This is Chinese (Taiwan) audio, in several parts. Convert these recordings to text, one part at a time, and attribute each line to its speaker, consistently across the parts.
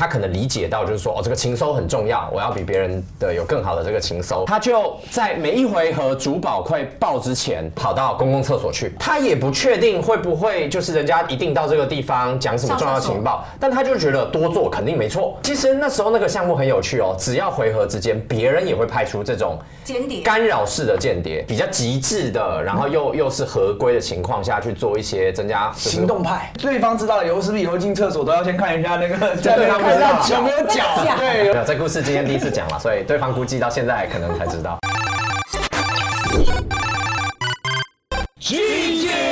Speaker 1: 他可能理解到，就是說哦，這個情蒐很重要，我要比別人的有更好的這個情蒐。他就在每一回合主堡快爆之前跑到公共廁所去。他也不確定會不會就是人家一定到這個地方講什麼重要情報，但他就覺得多做肯定沒錯。其實那時候那個項目很有趣哦、喔，只要回合之間，別人也會派出這種間諜、干擾式的間諜，比較極致的，然後又又是合規的情況下去做一些增加是是行動派。對方知道了，
Speaker 2: 有是不是以後進廁所都
Speaker 1: 要先看一下那
Speaker 2: 個沒有沒有講。對，這
Speaker 1: 故事，今天第一次講了。 所以對方估計到現在可能才知道。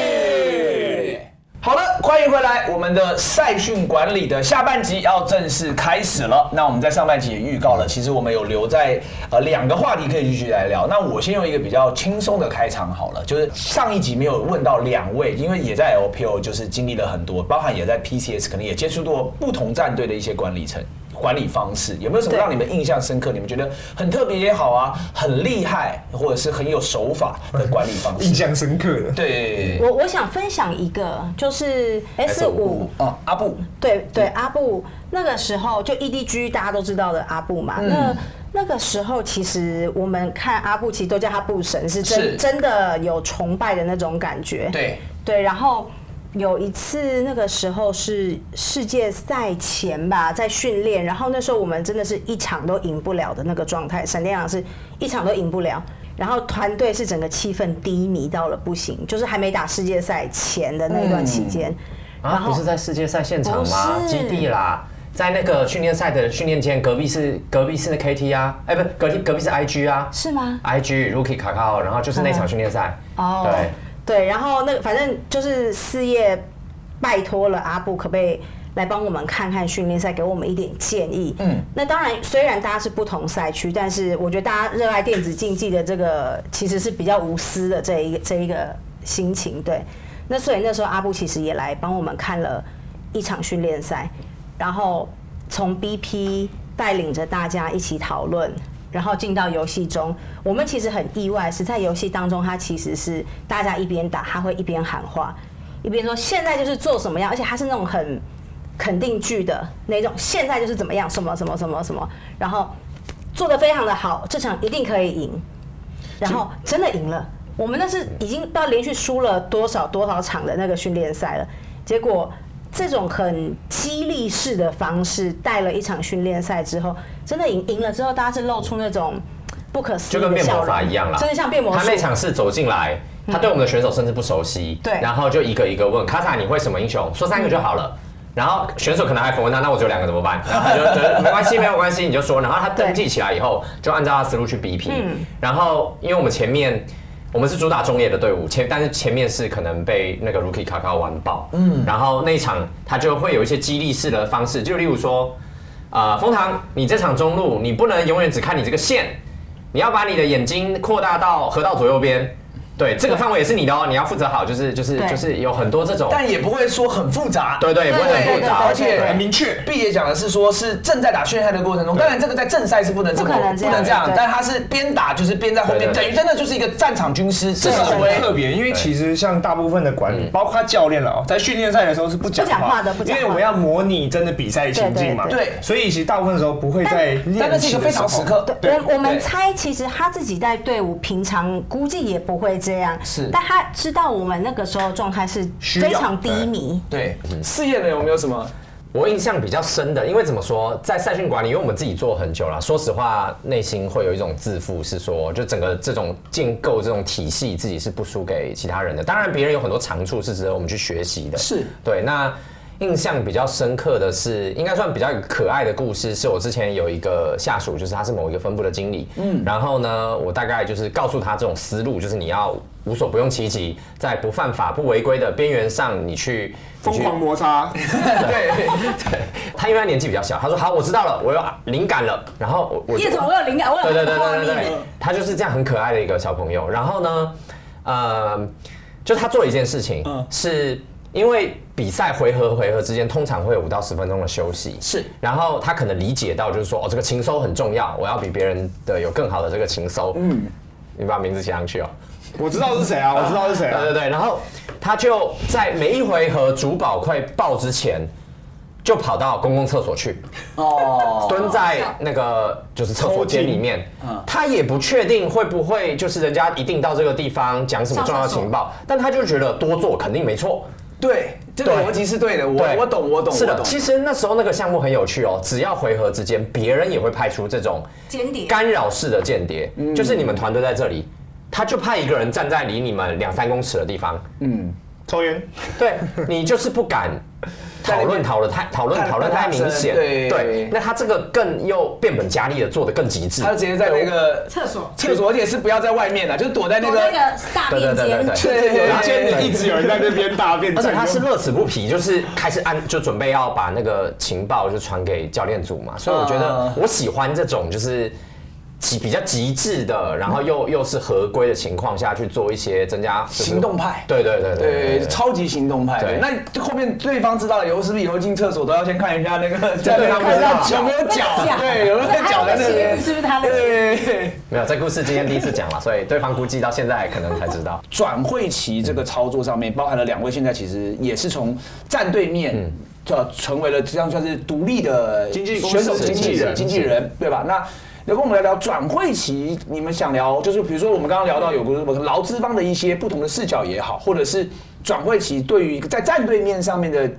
Speaker 2: 好了，歡迎回來。我們的賽訓管理的下半集要正式開始了。那我們在上半集也預告了，其實我們有留在呃兩個話題可以繼續來聊。那我先用一個比較輕鬆的開場好了，就是上一集沒有問到兩位，因為也在 LPL，就是經歷了很多，包含也在 PCS，可能也接觸過不同戰隊的一些管理層。管理方式有沒有什麼讓你們印象深刻？你們覺得很特別也好啊，很厲害，或者是很有手法的管理方式，印象深刻對，對我
Speaker 3: 我想分享一個，就是 S 五哦、啊，阿布，對對，對嗯、阿布那個時候就 EDG 大家都知道的阿布嘛，嗯、那那個時候其實我們看阿布，其實都叫他布神，是真是真的有崇拜的那種感覺。對對，然後。有一次，那個時候是世界賽前吧，在訓練。然後那時候我們真的是一場都贏不了的那個狀態，閃電狼是一場都贏不了。然後團隊是整個氣氛低迷到了不行，就是還沒打世界賽前的那段期間。嗯、然後、啊、不是在世界賽現場嗎？不是，基地啦，
Speaker 1: 在那個訓練賽的訓練間，隔壁是隔壁是 K T 啊，哎、欸、不，隔壁隔壁是 I G 啊，是嗎？I G Rookie 卡卡奧，IG, ookie, o，然後就是那場訓練賽。哦，對。
Speaker 3: 對，然後那個反正就是四葉，拜託了阿布，可不可以來幫我們看看訓練賽，給我們一點建議？嗯，那當然，雖然大家是不同賽區，但是我覺得大家熱愛電子競技的這個其實是比較無私的這一個這一個心情。對，那所以那時候阿布其實也來幫我們看了一場訓練賽，然後從 BP 帶領着大家一起討論。然後進到遊戲中，我們其實很意外，是在遊戲當中，他其實是大家一邊打，他會一邊喊話，一邊說現在就是做什麼樣，而且他是那種很肯定句的那種，現在就是怎麼樣，什麼什麼什麼什麼，然後做得非常的好，這場一定可以贏，然後真的贏了，是我們那是已經不知道連續輸了多少多少場的那個訓練賽了，結果這種很激勵式的方式帶了一場訓練賽之後。真的贏贏了之後，大家是露出那種不可思議，就跟變魔法一樣了，真的像變魔術。他那場
Speaker 1: 是走進來，他對我們的選手甚至不熟悉，嗯、對，然後就一個一個問卡薩，你會什麼英雄，說三個就好了。嗯、然後選手可能還反問他，那我只有兩個怎麼辦？ 然後他就覺得沒關係， 沒有關係，你就說。然後他登記起來以後，對就按照他思路去 BP。嗯、然後因為我們前面我們是主打中野的隊伍，前但是前面是可能被那個 Rookie 卡卡玩爆，嗯，然後那一場他就會有一些激勵式的方式，就例如說。啊，楓糖、呃，你這場中路你不能永遠只看你這個線，你要把你的眼睛擴大到河道左右邊。對，這個範圍也是你的哦，你要負責好，就是就是就是有很多這種，但也不會說很複雜。對對，也不會很複雜，而且很明確。畢姐講的是說，是
Speaker 2: 正在打訓練賽的過程中，當然這個在正賽是不能這麼，不能這樣，但他是邊打就是邊在後面，等於真的就是一個戰場
Speaker 4: 軍師，這是很特別，因為其實像大部分的管理，包括教練了哦，在訓練賽的時候是不講話的，不講話的，因為我要模擬真的比賽情境嘛。對，所以其實大部分的時候不會在，但那是一個非常時刻。對，我們
Speaker 3: 猜其實他自己在隊伍平常估計也不會。這樣是，但他知道我們那個時候狀態是非常低迷。呃、
Speaker 1: 對，事業呢有沒有什麼？我印象比較深的，因為怎麼說，在賽訓管理，因為我們自己做很久了，說實話，內心會有一種自負，是說就整個這種建構這種體系，自己是不輸給其他人的。當然，別人有很多長處是值得我們去學習的。是對那。印象比較深刻的是，應該算比較可愛的故事，是我之前有一個下屬，就是他是某一個分部的經理。嗯，然後呢，我大概就是告訴他這種思路，就是你要無所不用其極，在不犯法不違規的邊緣上，你去瘋狂摩擦。對對， 他因為他年紀比較小，他說好，我知道了，我有靈感了。然後我葉總，
Speaker 3: 我有靈感，我有對對對，對，對，對，對對對，
Speaker 1: 他就是這樣很可愛的一個小朋友。然後呢，呃，就他做一件事情是。因為比賽回合回合之間通常會有五到十分鐘的休息，是。然後他可能理解到，就是說哦，這個情蒐很重要，我要比別人的有更好的這個情蒐。嗯，你把名字寫上去哦。我知道是誰啊， 我知道是誰、啊啊。對對對，然後他就在每一回合主播快報之前，就跑到公共廁所去，
Speaker 2: 哦， 蹲在
Speaker 1: 那個就是廁所間裡面。嗯，他也不確定會不會就是人家一定到這個地方講什麼重要的情報，但他就覺得多做肯定沒錯。
Speaker 2: 對，這個邏輯是對
Speaker 1: 的，對我我懂,對我懂，我懂，是的。懂其實那時候那個項目很有趣哦，只要回合之間，別人也會派出這種干擾式的間諜，間諜就是你們團隊在這裡，嗯，他就派一個人站在離你們兩三公尺的地方，嗯，抽菸，對你就是不敢。 討論討論太討論討論太明顯，對對。那他這個更又變本加厲的做得更極致，他直接在那個廁所廁對所，而且是不要在外面的，就是躲在那個在那個大便間，對對對對對對對。而且一直有人在那邊大便，而且他是樂此不疲，就是開始按就準備要把那個情報就傳給教練組嘛。嗯、所以我覺得我喜歡這種就是。極比較極致的，然後又又是合規的情況下去做一些增加行動派，對對對對，超級行動派。對
Speaker 2: 對那後面對方知道了，是不是以後進廁所都要先看一下那個，再看有沒有腳？對，有沒有腳？是不是他？對對對,
Speaker 1: 對，沒有這故事今天第一次
Speaker 2: 講了，所以對方估計到現在可能才知道轉 會期這個操作上面包含了兩位，現在其實也是從戰隊面就、嗯、成為了這樣算是獨立的經紀選手經紀人經紀人，對吧？那。那跟我們來聊聊轉會期，你們想聊就是，比如說我們剛剛聊到有個什麼勞資方的一些不同的視角也好，或者是轉會期對於在戰隊面上面的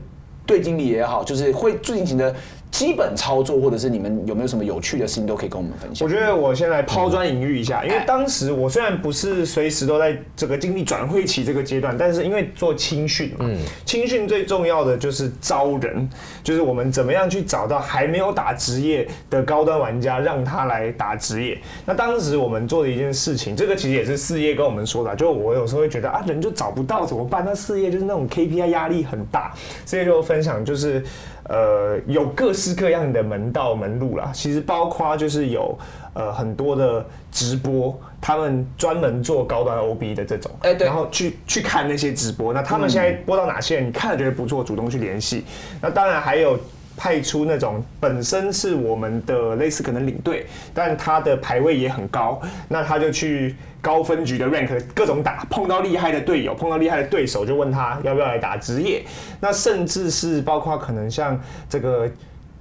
Speaker 2: 隊經理也好，就是會進行的。基本操
Speaker 4: 作，或者是你們有沒有
Speaker 2: 什麼有趣的事情都可以跟我們分
Speaker 4: 享。我覺得我先來拋磚引玉一下，因為當時我雖然不是隨時都在整個經歷轉會期這個階段，但是因為做青訓嘛，青訓最重要的就是招人，就是我們怎麼樣去找到還沒有打職業的高端玩家，讓他來打職業。那當時我們做的一件事情，這個其實也是四葉跟我們說的，就我有時候會覺得啊，人就找不到怎麼辦？那四葉就是那種 KPI 壓力很大，所以就分享就是。呃，有各式各樣的門道門路啦，其實包括就是有呃很多的直播，他們專門做高端 OB 的這種，欸、然後去去看那些直播，那他們現在播到哪些人、嗯、你看了覺得不錯，主動去聯繫。那當然還有派出那種本身是我們的類似可能領隊，但他的排位也很高，那他就去。高分局的 rank 各種打，碰到厲害的隊友，碰到厲害的對手，就問他要不要來打職業。那甚至是包括可能像這個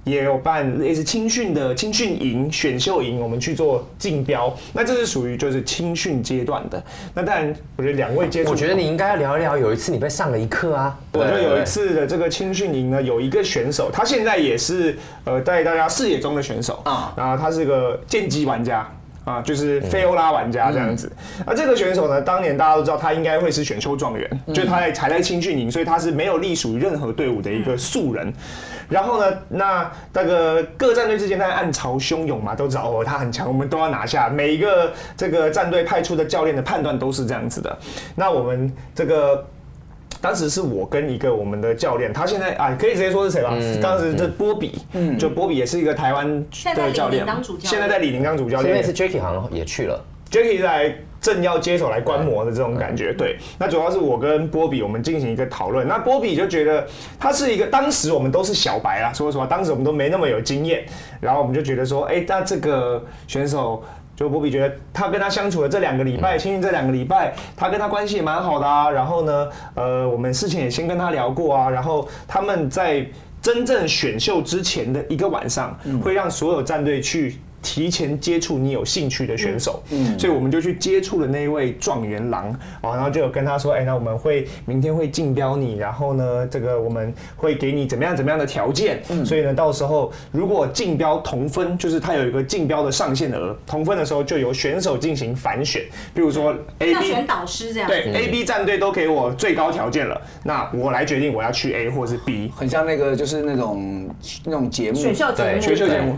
Speaker 4: 也有辦也是青訓的青訓營、選秀營，我們去做競標。那這是屬於就是青訓階段的。那當然我覺得兩位接觸，我，我覺得你應該要聊一聊。有一次你被上了一課啊！我覺得有一次的這個青訓營呢，有一個選手，他現在也是呃在大家視野中的選手啊，然後他是個劍姬玩家。啊，就是菲歐拉玩家這樣子。那、嗯嗯啊、這個選手呢，當年大家都知道他應該會是選秀狀元，嗯、就他才在青訓營，所以他是沒有隸屬於任何隊伍的一個素人。嗯、然後呢，那那個各戰隊之間，他暗潮洶湧嘛，都知道哦，他很強，我們都要拿下。每一個這個戰隊派出的教練的判斷都是這樣子的。那我們這個。當時是我跟一個我們的教練，他現在啊，可以直接說是誰吧？嗯嗯、當時是波比，嗯、就波比也是一個台灣的教練。現在在李寧當主教練。現在，在教練，現在是 Jacky 好像，也去了，Jacky 在正要接手來觀摩的這種感覺。對，對，那主要是我跟波比，我們進行一個討論。那波比就覺得他是一個，當時我們都是小白說說啊，所以說當時我們都沒那麼有經驗，然後我們就覺得說，哎、欸，那這個選手。就波比覺得他跟他相處的這兩個禮拜，青訓、嗯、這兩個禮拜，他跟他關係也蠻好的啊。然後呢，呃，我們事情也先跟他聊過啊。然後他們在真正選秀之前的一個晚上，嗯、會讓所有戰隊去，提前接觸你有興趣的選手，嗯，所以我們就去接觸了那一位狀元郎，啊，然後就有跟他說，哎，那我們會明天會競標你，然後呢，這個我們會給你怎麼樣怎麼樣的條件，嗯，所以呢，到時候如果競標同分，就是他有一個競標的上限額，同分的時候就由選手進行反選，比如說 A B 選
Speaker 3: 導師這樣，
Speaker 4: 對，A B 戰隊都給我最高條件了，那我來決定我要去 A 或是 B，很像那個就是那種那種節
Speaker 3: 目選秀節目，選秀節目。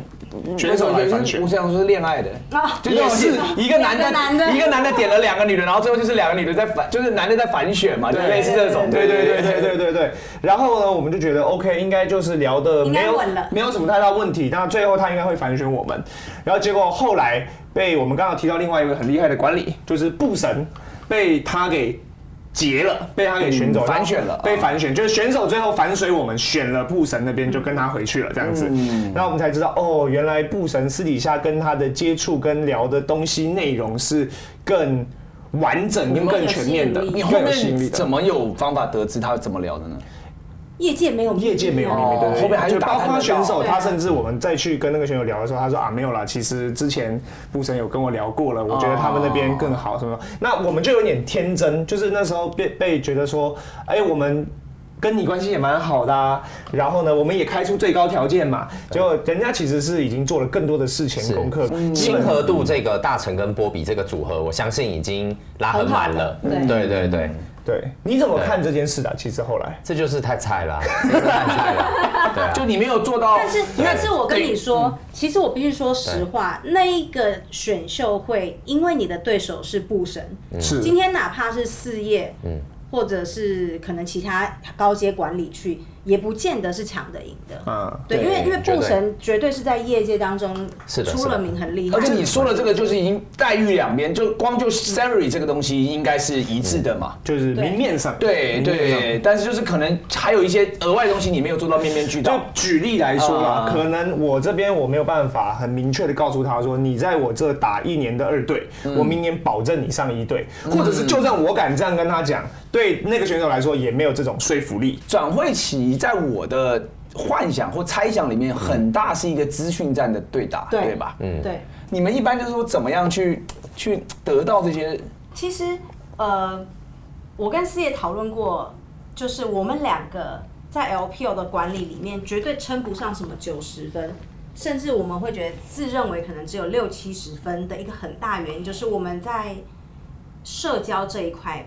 Speaker 3: 選手來反選，
Speaker 2: 我想說是戀愛的，
Speaker 3: 啊、就是一個男的，一個男的點了
Speaker 2: 兩
Speaker 4: 個女的，然後最後就是兩個女的在反，就是男的在反選嘛，
Speaker 2: 就類似這種。對對對對對對對。對對對
Speaker 4: 對對然後呢，我們就覺得 OK，應該就是聊的沒有了沒有什麼太大問題，但最後他應該會反選我們。然後結果後來被我們剛剛提到另外一個很厲害的管理，就是布神，被他給。結了，被他給選走了，反選了，被反選，就是選手最後反水，我們選了布神那邊，就跟他回去了這樣子。然後我們才知道，哦，原來布神私底下跟他的接觸跟聊的東西內容是更完整，更全面的。後面怎
Speaker 2: 麼有方法得知他怎麼
Speaker 4: 聊的呢？
Speaker 3: 業界沒有秘密，業界沒有秘密。對對，後面還有包括選手，他甚至我
Speaker 4: 們再去跟那個選手聊的時候，他說啊沒有啦。其實之前布神有跟我聊過了，我覺得他們那邊更好什麼。那我們就有點天真，就是那時候被被覺得說，哎，我們跟你關係也蠻好的，啊，然後呢，我們也開出最高條件嘛，結果人家其實是已經做了更多的事前功課，親和度這
Speaker 1: 個大成跟波比這個組合，我相信已經拉很滿了，對對對。嗯對，你怎麼看這件事的，啊？
Speaker 4: 其實後來這就是太菜啦，
Speaker 1: 就你沒有做到。但是，對但是，我跟你
Speaker 3: 說，對其實我必須說實話，對那一個選秀會，因為你的對手是布神，是對今天哪怕是四葉，嗯，或者是可能其他高階管理去。也不見得是搶得贏的，
Speaker 4: 嗯，
Speaker 2: 對，因為因為布神
Speaker 3: 絕對是在業界當中是出了名很厲害，而且你說
Speaker 2: 的這個就是已經待遇兩邊就光就 salary 這個東西應該是一致的嘛，就是明面上，對對，但是就是可能還有一些額外東西你沒有做到面面俱到。就舉例來說啦，可
Speaker 4: 能我這邊我沒有辦法很明確的告訴他說，你在我這打一年的二隊，我明年保證你上一隊，或者是就算我敢這樣跟他講，對那個選手來說也沒有這種說服力。轉會期。你在我的幻想或猜想裡面，很大是一個資
Speaker 2: 訊戰的對打，嗯、對吧？嗯，對。你們一般就是說怎麼樣去去得到這
Speaker 3: 些？其實，呃，我跟師姐討論過，就是我們兩個在 LPL 的管理裡面，絕對稱不上什麼九十分，甚至我們會覺得自認為可能只有六七十分的一個很大原因，就是我們在社交這一塊。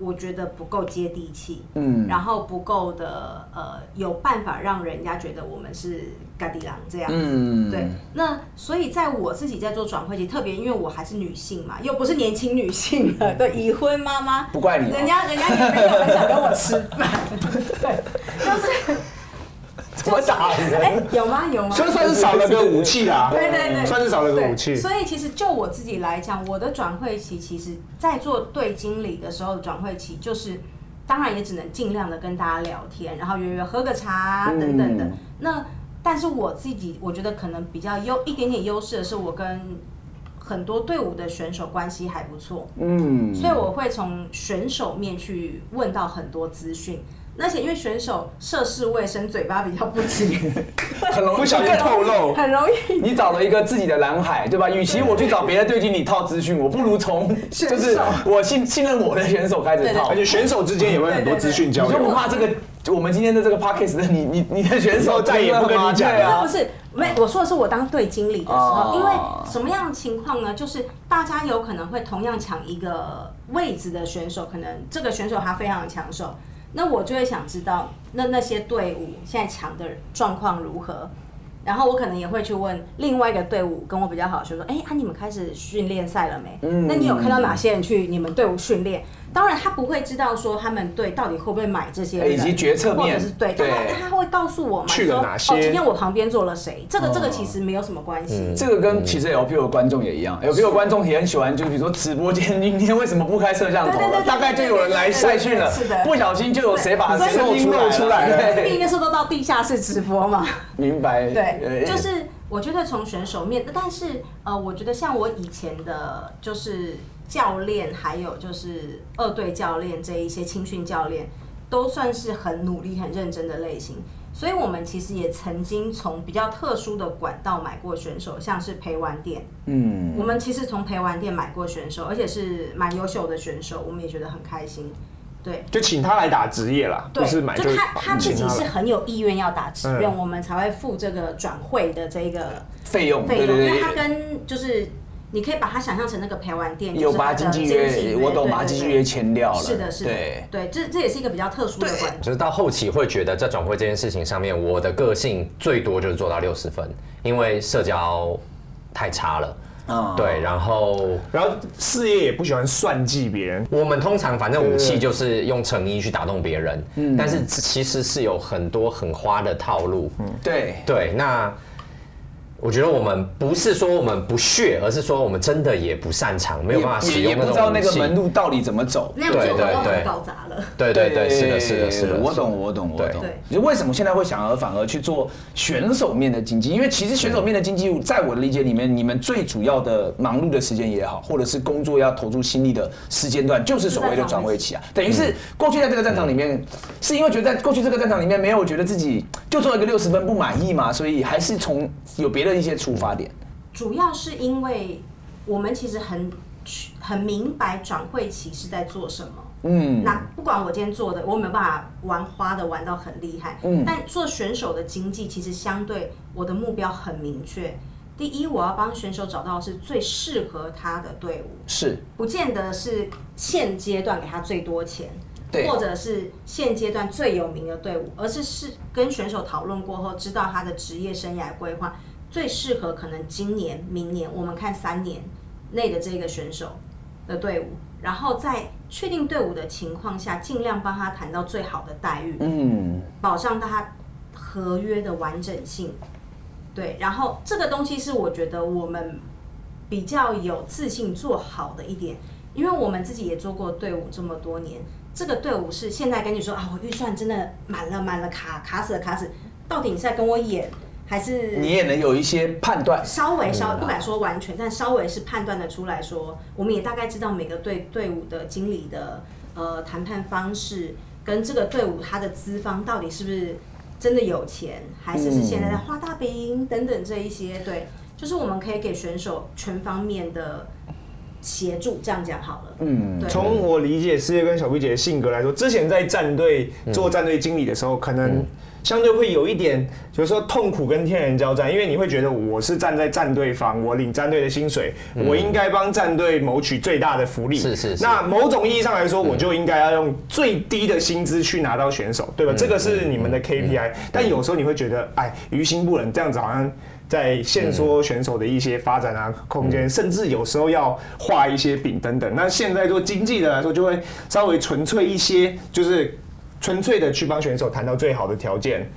Speaker 3: 我覺得不夠接地氣，嗯，然後不夠的，呃，有辦法讓人家覺得我們是家己人這樣子，嗯、對。那所以在我自己在做轉會期，特別因為我還是女性嘛，又不是年輕女性、啊，對，已婚媽媽，
Speaker 2: 不怪你、哦，人家人家也沒有很想跟我吃飯，對，就是。
Speaker 3: 怎麼哎、就是欸，有嗎？有嗎？就算是少了個武器啊！對對對，算是少了個武器。所以其實就我自己來講，我的轉會期其實在做隊經理的時候，轉會期就是當然也只能盡量的跟大家聊天，然後約約喝個茶等等的。嗯、那但是我自己我覺得可能比較優一點點優勢的是，我跟很多隊伍的選手關係還不錯。嗯，
Speaker 2: 所以我
Speaker 3: 會從選手面去問到很多資訊。而且因為選手涉世未深，嘴巴比較不緊， 很容易不小心透露。很
Speaker 2: 容易。你找了一個自己的藍海，對吧？與其我去找別的隊經理套資訊，我不如從就是我信信任我的選手開始套。選手 而且選手之間也會很多資訊交流。就不怕這個？我們今天的這個 Podcast 的你你你的選手再也不跟你講？對，不
Speaker 3: 是，沒，我說的是我當隊經理的時候，啊、因為什麼樣的情況呢？就是大家有可能會同樣搶一個位置的選手，可能這個選手他非常的搶手。那我就會想知道，那那些隊伍現在強的狀況如何？然後我可能也會去問另外一個隊伍跟我比較好的，就是說：“哎，啊你們開始訓練賽了沒？嗯、那你有看到哪些人去你們隊伍訓練？”當然，他不會知道說他們對到底會不會買這些，以及決策面，或者是對，他他會告訴我嘛，說去了哪些，哦，今天我旁邊坐了誰，這個這個其實沒有什麼關係。
Speaker 2: 這個跟其實 LPL 的觀眾也一樣，LPL 觀眾也很喜歡，就比如說直播間今天為什麼不開攝像頭，大概就有人來賽訓了，不小心就有誰把聲音露出來了。第一
Speaker 3: 個是都到地下室直播嘛？
Speaker 4: 明白。
Speaker 2: 對，就是
Speaker 3: 我覺得從選手面，但是呃，我覺得像我以前的就是。教練，還有就是二隊教練這一些青訓教練，都算是很努力、很認真的類型。所以，我們其實也曾經從比較特殊的管道買過選手，像是陪玩店。嗯，我們其實從陪玩店買過選手，而且是蠻優秀的選手，我們也覺得很開心。對，
Speaker 4: 就請他來打職業啦。對，就，就他他自己是很
Speaker 3: 有意願要打職業，嗯、我們才會付這個轉會的這個費用。費用，因為他跟就是。你可以把它想象成那個陪玩店，就是、有把經紀約，欸、我懂把經紀約簽掉了。是的，是的是，對，對，對，這這也是一個比較特殊的關係。對，
Speaker 1: 就是到後期會覺得在轉會這件事情上面，我的個性最多就是做到六十分，因為社交太差了。
Speaker 3: 嗯，對，
Speaker 1: 然後，嗯、然後然後事業也不喜歡算計別人。我們通常反正武器就是用誠意去打動別人，嗯、但是其實是有很多很花的套路。嗯，對，對，那。我覺得我們不是說我們不屑，而是說我們真的也不擅長，沒有辦法使用那，也也不知道那個門路，到底怎麼走？對對對，搞砸了。對對對，是的，是的，是的。我懂，
Speaker 2: 我懂，我懂。你對為什麼現在會想而反而去做選手面的經紀？因為其實選手面的經紀，在我的理解裡面，你們最主要的忙碌的時間也好，或者是工作要投入心力的時間段，就是所謂的轉會期啊。等於是過去在這個戰場裡面，嗯、是因為覺得在過去這個戰場裡面沒有覺得自己就做了一個六十分不滿意嘛，所以還是從有別。一些出發點，
Speaker 3: 主要是因為我們其實很很明白轉會期是在做什麼。嗯，那不管我今天做的，我沒有辦法玩花的玩到很厲害。嗯，但做選手的經紀其實相對我的目標很明確。第一，我要幫選手找到是最適合他的隊伍，是不見得是現階段給他最多錢，對 或者是現階段最有名的隊伍，而是是跟選手討論過後，知道他的職業生涯規劃。最適合可能今年、明年，我們看三年內的這個選手的隊伍，然後在確定隊伍的情況下，儘量幫他談到最好的待遇，嗯，保障他合約的完整性。對，然後這個東西是我覺得我們比較有自信做好的一點，因為我們自己也做過隊伍這麼多年，這個隊伍是現在跟你說啊，我預算真的滿了，滿了，卡卡死了卡死，到底你在跟我演？還是你也能有一些
Speaker 2: 判斷，稍微稍，不敢
Speaker 3: 說完全，但稍微是判斷的出來說，我們也大概知道每個隊隊伍的經理的呃談判方式，跟這個隊伍他的資方到底是不是真的有錢，還是是現在在畫大餅等等這一些，對，就是我們可以給選手全方面的協助，這樣講好了。
Speaker 4: 嗯，
Speaker 3: 從對
Speaker 4: 我理解 4Leaf 跟小薇姐的性格來說，之前在戰隊做戰隊經理的時候，可能，嗯。相對會有一點，就是說痛苦跟天人交戰，因為你會覺得我是站在戰隊方，我領戰隊的薪水，嗯嗯，我應該幫戰隊謀取最大的福利。是是，是。那某種意義上來說，嗯嗯，我就應該要用最低的薪資去拿到選手，對吧？嗯嗯這個是你們的 KPI。嗯嗯嗯嗯嗯、但有時候你會覺得，哎，於心不忍，這樣子好像在限縮選手的一些發展啊空間，嗯嗯嗯甚至有時候要畫一些餅等等。那現在做經紀的來說，就會稍微純粹一些，就是。純粹的去幫選手談到最好的條件，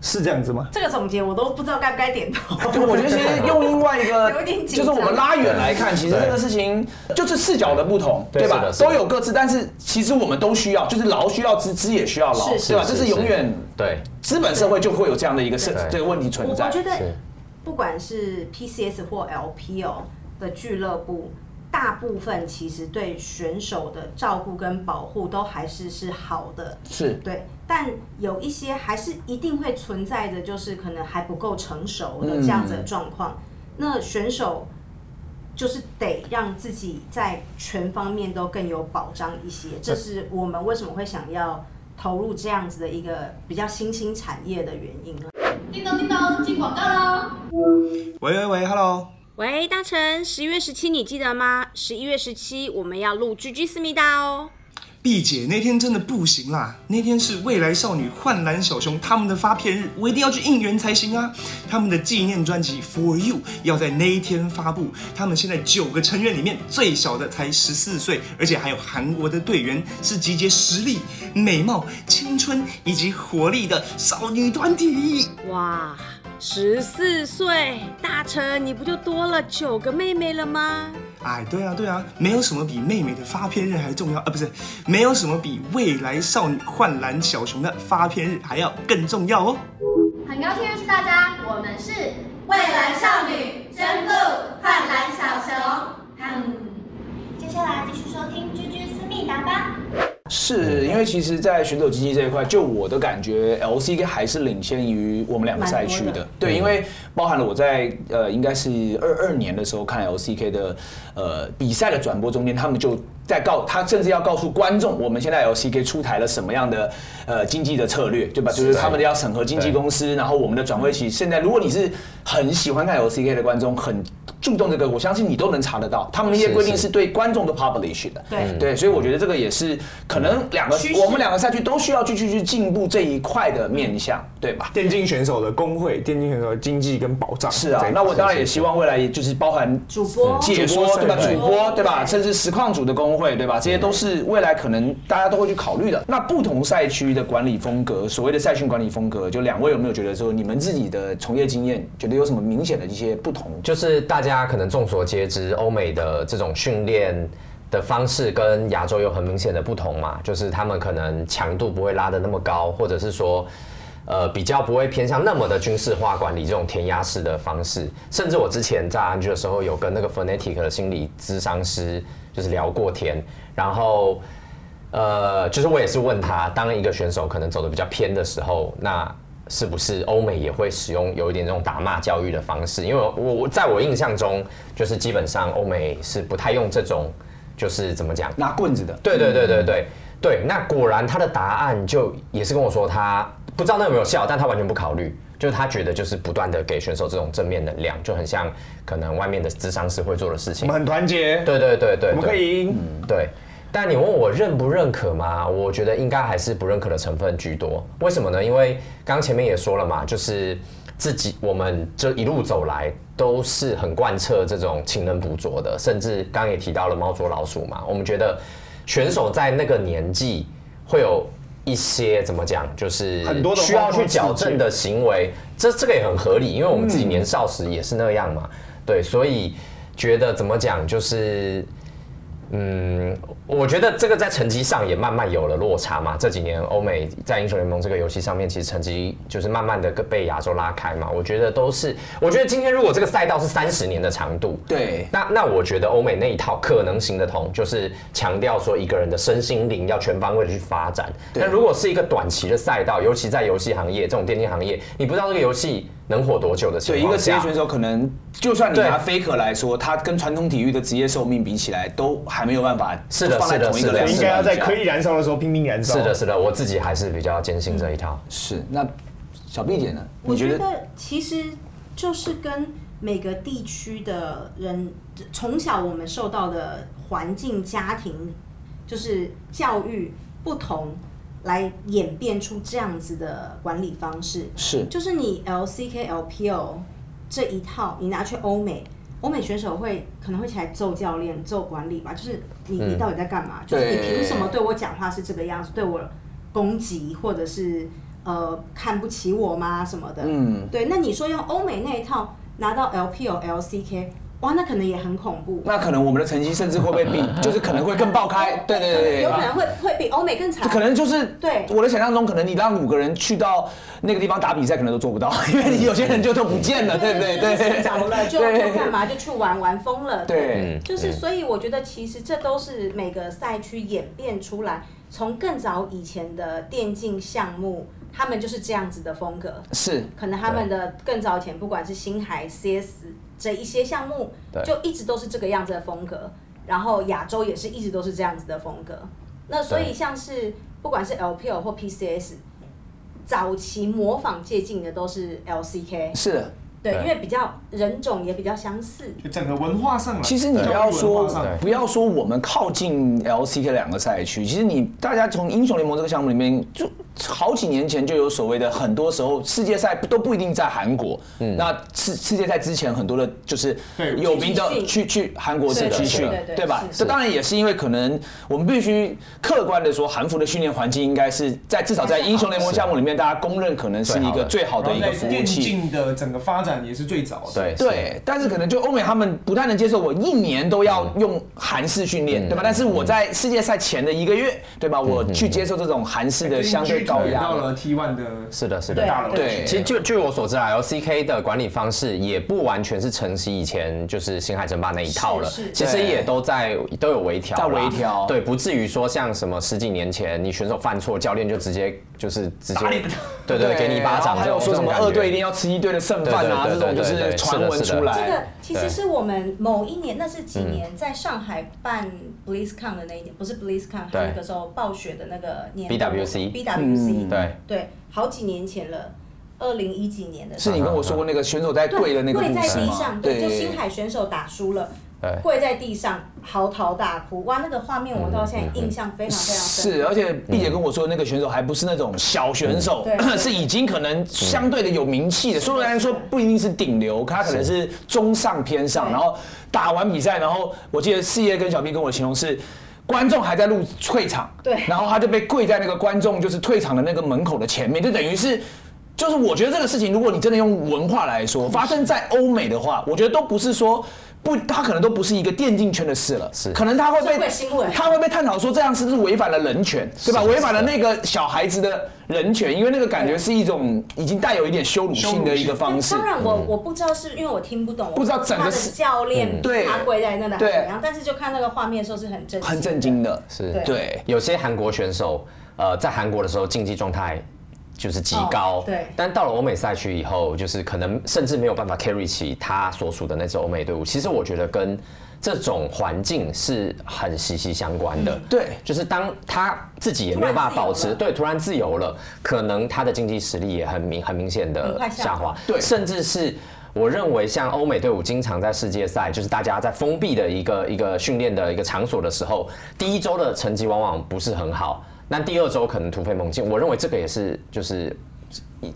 Speaker 4: 是這樣子嗎？
Speaker 3: 這個總結我都不知道該不該點頭。我覺得其實用另外一個，就是我們拉遠來看，其實這個事情
Speaker 4: 就是視角的不
Speaker 2: 同，對吧？都有各自，但是其實我們都需要，就是勞需要資，資也需要勞，對吧？這是永遠對資本社會就會有這樣的一個這這個問題存在。我覺得
Speaker 3: 不管是 P C S 或 L P O 的俱樂部。大部分其實對選手的照顧跟保護都還是是好的，是對，但有一些還是一定會存在的，就是可能還不夠成熟的這樣子的狀況。嗯、那選手就是得讓自己在全方面都更有保障一些，這是我們為什麼會想要投入這樣子的一個比較新興產業的原因、啊、叮咚叮咚，進廣告
Speaker 4: 嘍！喂喂喂，Hello。
Speaker 3: 喂，大成，十一月十七你記得嗎？十一月十七我們要錄 GG 私密答哦。
Speaker 4: b 姐那天真的不行啦，那天是未來少女、幻藍小熊他們的發片日，我一定要去應援才行啊。他們的紀念專輯 For You 要在那一天發布，他們現在九個成員裡面最小的才十四歲，而且還有韓國的隊員，是集結實力、美貌、青春以及活力的
Speaker 3: 少女團體。哇。十四歲，大成，你不就多了九個妹妹了嗎？
Speaker 4: 哎，對啊，對啊，沒有什麼比妹妹的發片日還重要啊，不是，沒有什麼比未來少女、幻藍小熊的發片日還要更重要哦。很高興認識大家，我們是未來少
Speaker 3: 女、真露幻藍小熊。嗯，接下來繼續收聽 GG 私密答吧。
Speaker 2: 是因為其實，在選手經紀這一塊，就我的感覺，LCK 還是領先於我們兩個賽區的。對，因為包含了我在呃，應該是二二年的時候看 LCK 的，呃，比賽的轉播中間，他們就在告他，甚至要告訴觀眾，我們現在 LCK 出台了什麼樣的呃經濟的策略，對吧？是對，就是他們要審核經紀公司，對 然後我們的轉會期對 現在，如果你是很喜歡看 LCK 的觀眾，很注重這個，我相信你都能查得到，他們那些規定是對觀眾的 publish 的，對，對。所以我覺得這個也是可能兩個，我們兩個賽區都需要繼續去進步這一塊的面向，對吧？
Speaker 4: 電競選手的工會，電競選手的經濟跟保障。是啊，那我當然也希望
Speaker 2: 未來就是包含主播解說。嗯那主播對吧，
Speaker 4: 甚至實況組的
Speaker 2: 工會對吧，這些都是未來可能大家都會去考慮的。那不同賽區的管理風格，
Speaker 1: 所謂的賽訓管理風格，就兩位有沒有覺得說，你們自己的從業經驗，覺得有什麼明顯的一些不同？就是大家可能眾所皆知，歐美的這種訓練的方式跟亞洲有很明顯的不同嘛，就是他們可能強度不會拉得那麼高，或者是說，呃，比較不會偏向那麼的軍事化管理這種填鴨式的方式，甚至我之前在安居的時候有跟那個 Fnatic 的心理諮商師就是聊過天，然後呃，就是我也是問他，當一個選手可能走的比較偏的時候，那是不是歐美也會使用有一點這種打罵教育的方式？因為我，我在我印象中，就是基本上歐美是不太用這種，就是怎麼講拿棍子的，對對對對對。嗯對，那果然他的答案就也是跟我說他不知道那有沒有效，但他完全不考慮，就是他覺得就是不斷的給選手這種正面能量，就很像可能外面的諮商師會做的事情。我們很團結，對，對對對對，我們可以贏。嗯。對，但你問我認不認可嘛？我覺得應該還是不認可的成分居多。為什麼呢？因為剛剛前面也說了嘛，就是自己我們這一路走來都是很貫徹這種勤能補拙的，甚至剛也提到了貓捉老鼠嘛，我們覺得。選手在那個年紀會有一些怎麼講，就是很多的需要去矯正的行為，這這個也很合理，因為我們自己年少時也是那樣嘛，對，所以覺得怎麼講就是。嗯，我覺得這個在成績上也慢慢有了落差嘛。這幾年歐美在英雄聯盟這個遊戲上面，其實成績就是慢慢的被亞洲拉開嘛。我覺得都是，我覺得今天如果這個賽道是三十年的長度，對，那那我覺得歐美那一套可能行得通，就是強調說一個人的身心靈要全方位的去發展。對但如果是一個短期的賽道，尤其在遊戲行業這種電競行業，你不知道這個遊戲。能活多久的，所以對一個職業
Speaker 2: 選手，可能就算你拿飛 a 來說，對他跟傳統體育的職業壽命比起來，都還沒有辦法放在同一個量。是的，是的，是的，應該要在可以
Speaker 1: 燃燒的時候拼命燃燒。是的，是的，我自己還是比較堅信這一條，嗯。是那小 B 姐呢？嗯、覺，我覺得
Speaker 3: 其實就是跟每個地區的人從小我們受到的環境、家庭就是教育不同。來演變出這樣子的管理方式，是就是你 LCK LPL 這一套，你拿去歐美，歐美選手會可能會起來揍教練、揍管理吧？就是你、嗯、你到底在幹嘛？就是你憑什麼對我講話是這個樣子？對，對我攻擊或者是呃看不起我嗎？什麼的？嗯，對。那你說用歐美那一套拿到 LPL LCK？哇，那可能也很恐怖。那
Speaker 2: 可能我們的成績甚至會被比，就是可能會更爆開。對對對、對。有可能
Speaker 3: 會會比歐美更慘。對可能就是對。
Speaker 2: 我的想象中，可能你讓五個人去到那個地方打比賽，可能都做不到，因為你有些人就都不見了，對不對？對對，了？就幹嘛？
Speaker 3: 就去玩對玩瘋了。對。對就是，所以我覺得其實這都是每個賽區演變出來，從更早以前的電競項目，他們就是這樣子的風格。是。可能他們的更早前，對不管是星海 CS，這一些項目就一直都是這個樣子的風格，然後亞洲也是一直都是這樣子的風格。那所以像是不管是 LPL 或 PCS，早期模仿借鑑的都是 LCK，是的，對，因為比較人種也比較相似，就
Speaker 2: 整個文化上。其實你不要說，不要說我們靠近 LCK 兩個賽區，其實你大家從英雄聯盟這個項目裡面就。好幾年前就有所謂的，很多時候世界賽都不一定在韓國。嗯、那世世界賽之前很多的，就是有名的去去韓國是集訓，對，對，對，對，對吧？這是當然也是因為可能我們必須客觀的說，韓服的訓練環境應該是在至少在英雄聯盟項目裡面，大家公認可能是一個最好的一個服務器。電
Speaker 4: 競的整個發展也是最早的。對對，
Speaker 2: 是但是可能就歐美他們不太能接受我一年都要用韓式訓練，嗯、對吧？但是我在世界賽前的一個月，對吧？我去接受這種韓式的相對。到了
Speaker 1: T one 的，是的，是的，對，其實就據我所知啊，L C K 的管理方式也不完全是承襲以前就是星海爭霸那一套了，其實也都在都有微調，在微調，對，不至於說像什麼十幾年前你選手犯錯，教練就直接就是直接。對對，給你一巴掌，還有說什麼二隊
Speaker 2: 一定要吃一隊的剩飯啊，這種就是傳聞出來。對其實
Speaker 3: 是我們某一年，那是幾年在上海辦 BlizzCon 的那一年，嗯、不是 BlizzCon，還有那個時候對暴雪的那個年、那個、BWC，BWC，對、嗯、W 對，對好幾年前了，二零一幾年的時候，是你跟我說
Speaker 2: 過那個選手在跪的那個故事嘛？對，跪在地上，就星海
Speaker 3: 選手打輸了。跪在地上嚎啕大哭，哇，那個畫面我到現在印象非常非常
Speaker 2: 深、嗯。嗯嗯嗯、是，而且畢姐跟我說，那個選手還不是那種小選手、嗯，是，是已經可能相對的有名氣的。雖然、嗯、說，說不一定是頂流，是他可能是中上偏上。對然後打完比賽，然後我記得事業跟小畢跟我形容是，觀眾還在錄退場，對，然後他就被跪在那個觀眾就是退場的那個門口的前面，就等於是，就是我覺得這個事情，如果你真的用文化來說，發生在歐美的話，我覺得都不是說。不，他可能都不是一個電競圈的事了是，是可能他會被他會被探討說，這樣是不是違反了人權，對吧？違是反了那個小孩子的人權，因為那個感覺是一種已經帶有一點羞辱性的一個方式。當然我，我、嗯、我
Speaker 3: 不知道是因為我聽不懂，不知道整個是教練、嗯、對他跪在那裡的怎樣，對但是就看那個畫面的時候，是很震驚，
Speaker 1: 很震驚的。的對是對有些韓國選手，呃，在韓國的時候競技狀態。就是極高，oh, 對。但到了歐美賽區以後，就是可能甚至沒有辦法 carry 起他所屬的那支歐美隊伍。其實我覺得跟這種環境是很息息相關的。嗯、對，就是當他自己也沒有辦法保持，對，突然自由了，可能他的競技實力也很明很明顯的下滑。對，甚至是我認為，像歐美隊伍經常在世界賽，就是大家在封閉的一個一個訓練的一個場所的時候，第一周的成績往往不是很好。那第二周可能突飛猛進，是我認為這個也是就是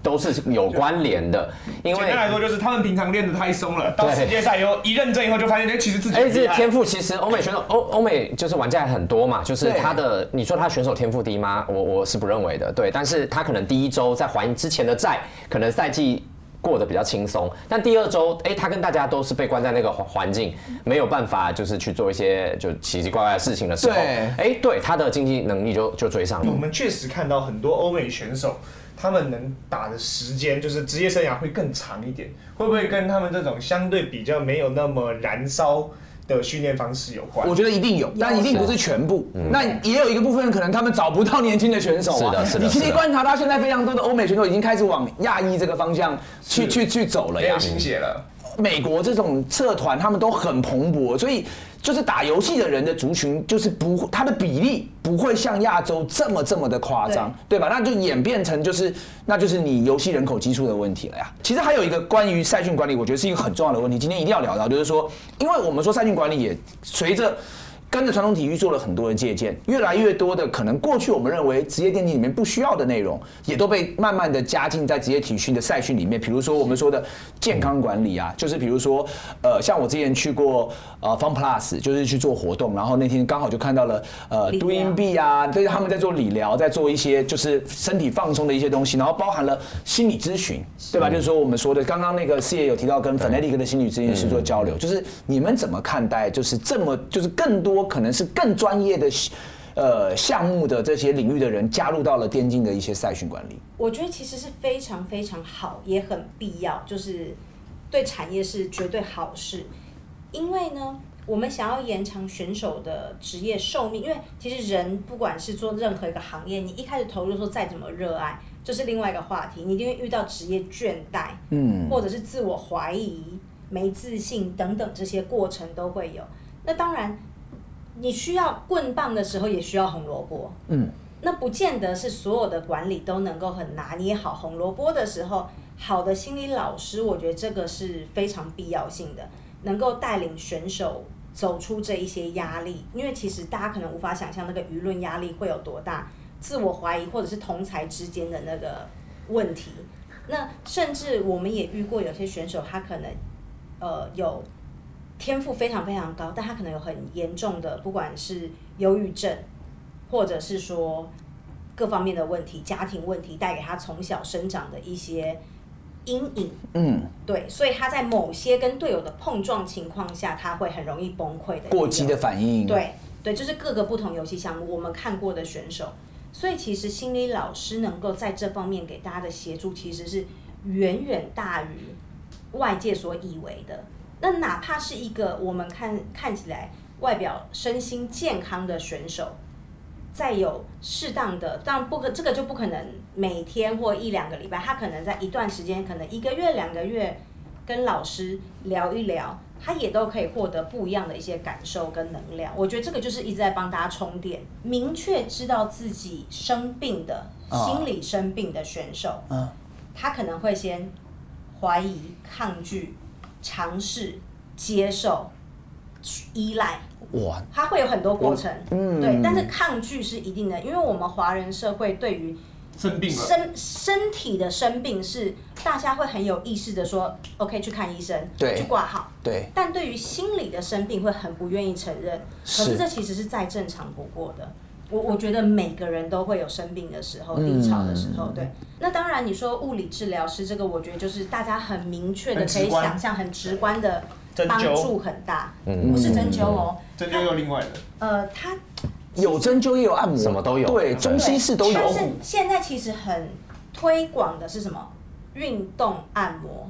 Speaker 1: 都是有關聯的，對因為簡單來說就是他們
Speaker 4: 平常練得太鬆了，對到世界賽以後一認真以後就發現，哎，其實自己哎，這、欸、天賦
Speaker 1: 其實歐美選手歐歐美就是玩家很多嘛，就是他的對你說他選手天賦低嗎？我我是不認為的，對，但是他可能第一周在還之前的債，可能賽季。過得比較輕鬆，但第二周，哎、欸，他跟大家都是被關在那個環境，沒有辦法，就是去做一些就奇奇怪怪的事情的時候，哎對、欸，對他的經濟能力就就追上了。我們確實看到很多歐美選手，他
Speaker 4: 們能打的時間就是職業生涯會更長一點，會不會跟他們這種相對比較沒有那麼燃燒？的訓練方式有關，我覺得一定有，但一定不是全部。啊、那也有一個部分，可能他們找不到年輕的選手啊。你其實觀
Speaker 2: 察到，現在非常多的歐美選手已經開始往亞裔這個方向去是去去走了呀，沒有新血了。嗯、美國這種社團他們都很蓬勃，所以。就是打遊戲的人的族群，就是不他的比例不會像亞洲這麼這麼的誇張，對吧？那就演變成就是那就是你遊戲人口基數的問題了呀。其實還有一個關於賽訓管理，我覺得是一個很重要的問題。今天一定要聊到，就是說，因為我們說賽訓管理也隨着。跟着傳統體育做了很多的借鑒，越來越多的可能過去我們認為職業電競裡面不需要的內容，也都被慢慢的加進在職業體育的賽訓裡面。比如說我們說的健康管理啊，嗯、就是比如說呃，像我之前去過呃 f n Plus，就是去做活動，然後那天剛好就看到了呃，doing B 啊，對，啊對啊，他們在做理療，在做一些就是身體放鬆的一些東西，然後包含了心理諮詢，是對吧？就是說我們說的剛剛那個事業有提到跟粉 a 利 a 的心理諮詢師做交流，嗯、就是你們怎麼看待就是這麼就是更多。可能是更專業的，呃，項目的這些領域的人加入到了電競的一些賽訓管理。
Speaker 3: 我覺得其實是非常非常好，也很必要，就是對產業是絕對好事。因為呢，我們想要延長選手的職業壽命，因為其實人不管是做任何一個行業，你一開始投入說再怎麼熱愛，這，就是另外一個話題，你一定會遇到職業倦怠，嗯，或者是自我懷疑、沒自信等等這些過程都會有。那當然。你需要棍棒的時候也需要紅蘿蔔，嗯，那不見得是所有的管理都能夠很拿捏好紅蘿蔔的時候。好的心理老師，我覺得這個是非常必要性的，能夠帶領選手走出這一些壓力。因為其實大家可能無法想象那個輿論壓力會有多大，自我懷疑或者是同儕之間的那個問題。那甚至我們也遇過有些選手，他可能呃有。天賦非常非常高，但他可能有很嚴重的，不管是憂鬱症，或者是說各方面的問題、家庭問題帶給他從小生長的一些陰影。嗯，對，所以他在某些跟隊友的碰撞情況下，他會很容易崩潰的，過
Speaker 2: 激的反應。對，
Speaker 3: 對，就是各個不同遊戲項目我們看過的選手，所以其實心理老師能夠在這方面給大家的協助，其實是遠遠大於外界所以為的。那哪怕是一個我們看看起來外表身心健康的選手，再有適當的，當然不可這個就不可能每天或一兩個禮拜，他可能在一段時間，可能一個月兩個月，跟老師聊一聊，他也都可以獲得不一樣的一些感受跟能量。我覺得這個就是一直在幫大家充電。明確知道自己生病的心理生病的選手，他可能會先懷疑抗拒。嘗試接受、去依賴哇，它會有很多過程，嗯，對。但是抗拒是一定的，因為我們華人社會對於
Speaker 1: 生病、
Speaker 3: 身體的生病是大家會很有意識的說，OK 去看醫生，對，去掛號，對。但對於心理的生病會很不願意承認，可是，這其實是再正常不過的。我我覺得每個人都會有生病的時候、低潮的時候，嗯、對。那當然，你說物理治療師這個，我覺得就是大家很明確的可以想象、很直觀的，幫助很大。喔、嗯，不是針灸哦，
Speaker 4: 針灸有另外的。
Speaker 3: 呃，它
Speaker 2: 有針灸也有按摩，什麼都有。對，中西式都有。但是
Speaker 3: 現在其實很推廣的是什麼？運動按摩，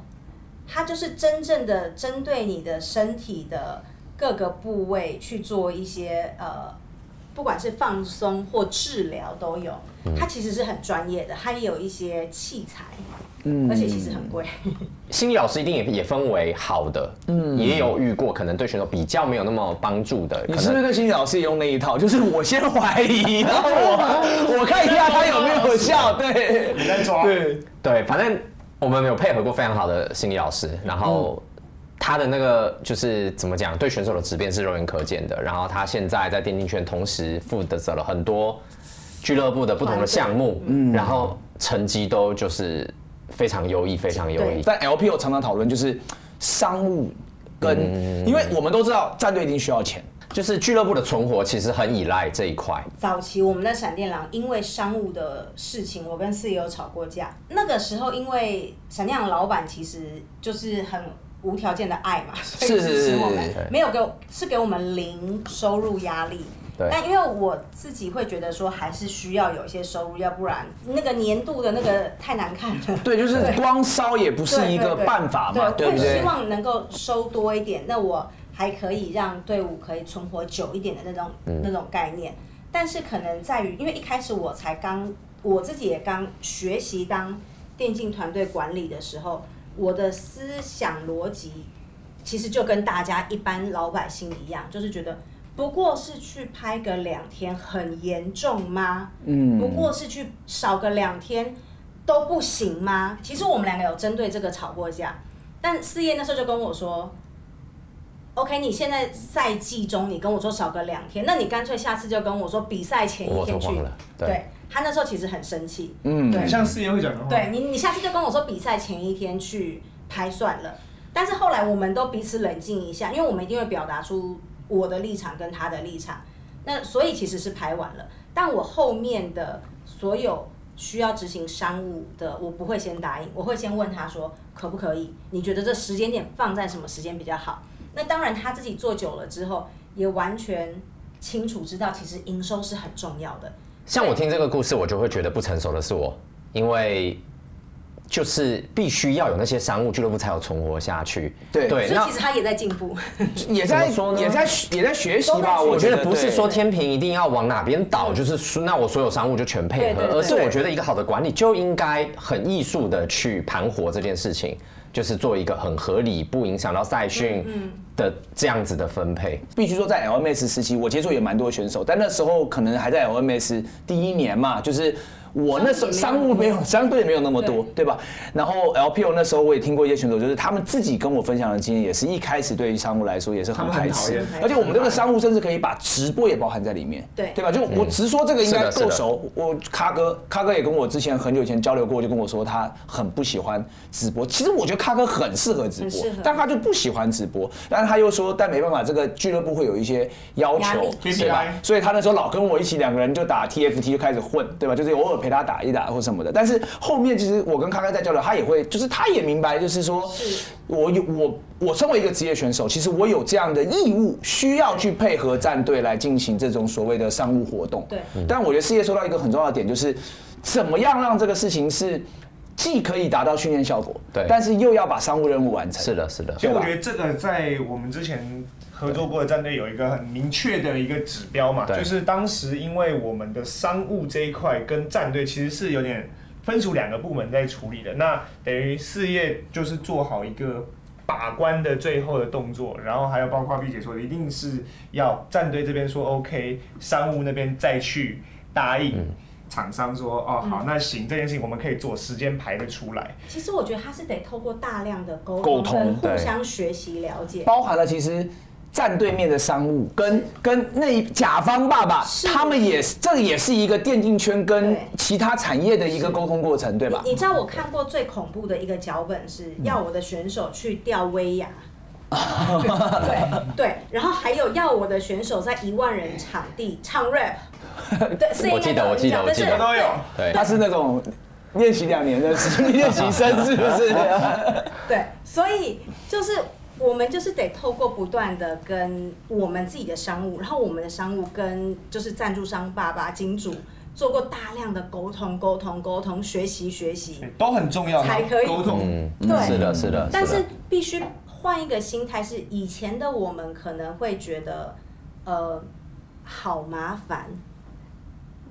Speaker 3: 它就是真正的針對你的身體的各個部位去做一些呃。不管是放鬆或治療都有，嗯、它其實是很專業的，它也有一些器材，嗯、而且其
Speaker 1: 實很貴。心理老師一定也也分為好的，嗯、也有遇過可能對選手比較沒有那麼幫助的。嗯、可能你是不是跟心理老師用那一套？就是我先懷疑， 然後我我看一下他有沒有效。對，你在抓？對對，反正我們沒有配合過非常好的心理老師，嗯、然後。他的那個就是怎麼講，對選手的質變是肉眼可見的。然後他現在在電競圈同時負責了很多俱樂部的不同的項目，然後成績都就是非常優異，非常優異。但 LPO 常常討論，就是商務跟，因為我們都知道戰隊一定需要錢，就是俱樂部的存活其實很依賴這一塊。
Speaker 3: 早期我們的閃電狼因為商務的事情，我跟四爺有吵過架。那個時候因為閃電狼老板其實就是很。無條件的愛嘛，所以支持我們，沒有給我是給我們零收入壓力。對。但因為我自己會覺得說，還是需要有一些收入，要不然那個年度的那個太難看了。對，就是光
Speaker 2: 燒也不是一個辦法嘛。對，對對對。會希望
Speaker 3: 能夠收多一點，那我還可以讓隊伍可以存活久一點的那種、嗯、那種概念。但是可能在於，因為一開始我才剛我自己也剛學習當電競團隊管理的時候。我的思想邏輯其實就跟大家一般老百姓一樣，就是覺得不過是去拍個兩天很嚴重嗎？嗯，不過是去少個兩天都不行嗎？其實我們兩個有針對這個吵過架，但四葉那時候就跟我說，OK，你現在賽季中，你跟我說少個兩天，那你乾脆下次就跟我說比賽前一天去了，對。對他那時候其實很生氣，嗯，很像
Speaker 4: 四葉會講的話。對
Speaker 3: 你，你下次就跟我說比賽前一天去拍算了。但是後來我們都彼此冷靜一下，因為我們一定會表達出我的立場跟他的立場。那所以其實是拍完了。但我後面的所有需要執行商務的，我不會先答應，我會先問他說可不可以？你覺得這時間點放在什麼時間比較好？那當然他自己做久了之後，也完全清楚知道，其實營收是很重要的。
Speaker 1: 像我聽這個故事，我就會覺得不成熟的是我，因為就是必須要有那些商務俱樂部才有存活下去。對對，嗯、那所以
Speaker 3: 其實他也在進步，也在也在也在
Speaker 2: 學習吧。我覺，我覺得不是說
Speaker 1: 天平一定要往哪邊倒，對就是那我所有商務就全配合，對對對對，而是我覺得一個好的管理就應該很藝術的去盤活這件事情，就是做一個很合理，不影響到賽訓。嗯嗯的這樣子的分配，必須說在 LMS 時期，我接觸也蠻多選手，但那時候
Speaker 2: 可能還在 LMS 第一年嘛，就是。我那時候商務沒有，相對沒有那麼多，對吧？然後 LPL 那時候我也聽過一些選手，就是他們自己跟我分享的經驗，也是一開始對於商務來說也是很排斥，而且我們這個商務甚至可以把直播也包含在裡面，對對吧？就我直說，這個應該夠熟。我咖哥，咖哥也跟我之前很久以前交流過，就跟我說他很不喜歡直播。其實我覺得咖哥很適合直播，但他就不喜歡直播。但他又說，但沒辦法，這個俱樂部會有一些要求，對吧？所以他那時候老跟我一起兩個人就打 TFT 就開始混，對吧？就是偶爾。陪他打一打或什麼的，但是後面其實我跟康康在交流，他也會，就是他也明白，就是說是我有我我身為一個職業選手，其實我有這樣的義務，需要去配合戰隊來進行這種所謂的商務活動。對，但我覺得事業說到一個很重要的點，就是怎麼樣讓這個事情是既可以達到訓練效果，對，但是又要把商務任務完成。是的，是的。所以我覺
Speaker 4: 得這個在我們之前。合作過的戰隊有一個很明確的一個指標嘛，對就是當時因為我們的商務這一塊跟戰隊其實是有點分屬兩個部門在處理的，那等於事業就是做好一個把關的最後的動作，然後還有包括畢姐說的，一定是要戰隊這邊說 OK，商務那邊再去答應廠、嗯、商說哦好、嗯、那行這件事情我們可以做，時間排得出來。
Speaker 3: 其實我覺得他是得透過大量的溝通、互相學習、了解，對包含
Speaker 2: 了其實。站對面的商務跟跟那甲方爸爸，他們也是，這個也是一個電競圈跟其他產業的一個溝通過程對，對吧？你知
Speaker 3: 道我看過最恐怖的一個腳本是要我的選手去吊威亞，嗯、 對對，然後還有要我的選手在一萬人場地唱 rap，對是我，我記得我記得我記得都有，
Speaker 2: 對，對他是那種練習兩年的練習生是不是，
Speaker 3: 是？對，所以就是。我們就是得透過不斷的跟我們自己的商務，然後我們的商務跟就是贊助商爸爸、金主做過大量的溝通、溝通、溝通，學習、學習、
Speaker 4: 欸、都很重要，
Speaker 3: 才可以溝通。
Speaker 4: 對，
Speaker 2: 是，是的，是的。但是
Speaker 3: 必須換一個心態，是以前的我們可能會覺得，呃，好麻煩，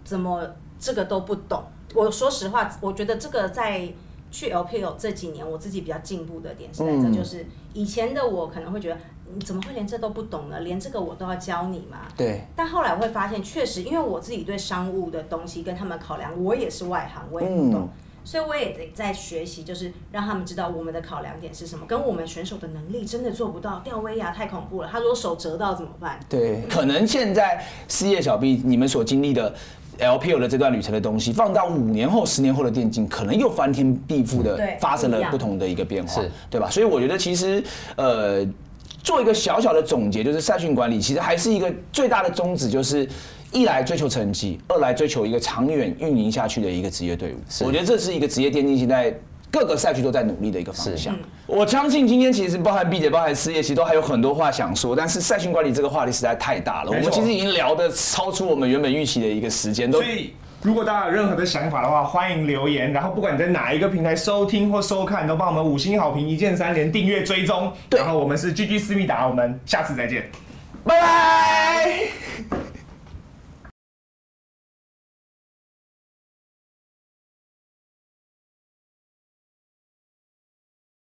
Speaker 3: 怎麼這個都不懂？我說實話，我覺得這個在去 LPL 這幾年，我自己比較進步的點是在，這就是。嗯以前的我可能會覺得，你怎麼會連這都不懂呢？連這個我都要教你嘛？對。但後來我會發現，確實，因為我自己對商務的東西跟他們考量，我也是外行，我也不懂，嗯、所以我也得在學習，就是讓他們知道我們的考量點是什麼。跟我們選手的能力真的做不到，吊威亞太恐怖了。他說手折到怎麼辦？
Speaker 2: 對。嗯、可能現在事業小臂，你們所經歷的。LPL 的這段旅程的東西，放到五年後、十年後的電競，可能又翻天覆地的發生了不同的一個變化，嗯，對，對吧？所以我覺得其實呃，做一個小小的總結，就是賽訓管理其實還是一個最大的宗旨，就是一來追求成績，二來追求一個長遠運營下去的一個職業隊伍。是我覺得這是一個職業電競現在，各個賽區都在努力的一個方向。我相信今天其實包含 B 姐、包含事業，其實都還有很多話想說。但是賽訓管理這個話題實在太大了，我們其實已經聊得超出我們原本預期的一個時間。所以
Speaker 4: 如果大家有任何的想法的話，歡迎留言。然後不管你在哪一個平台收聽或收看，都幫我們五星好評、一鍵三連、訂閱追蹤。對。然後我們是 GG 私
Speaker 3: 密答，我們下次再見，
Speaker 2: 拜拜。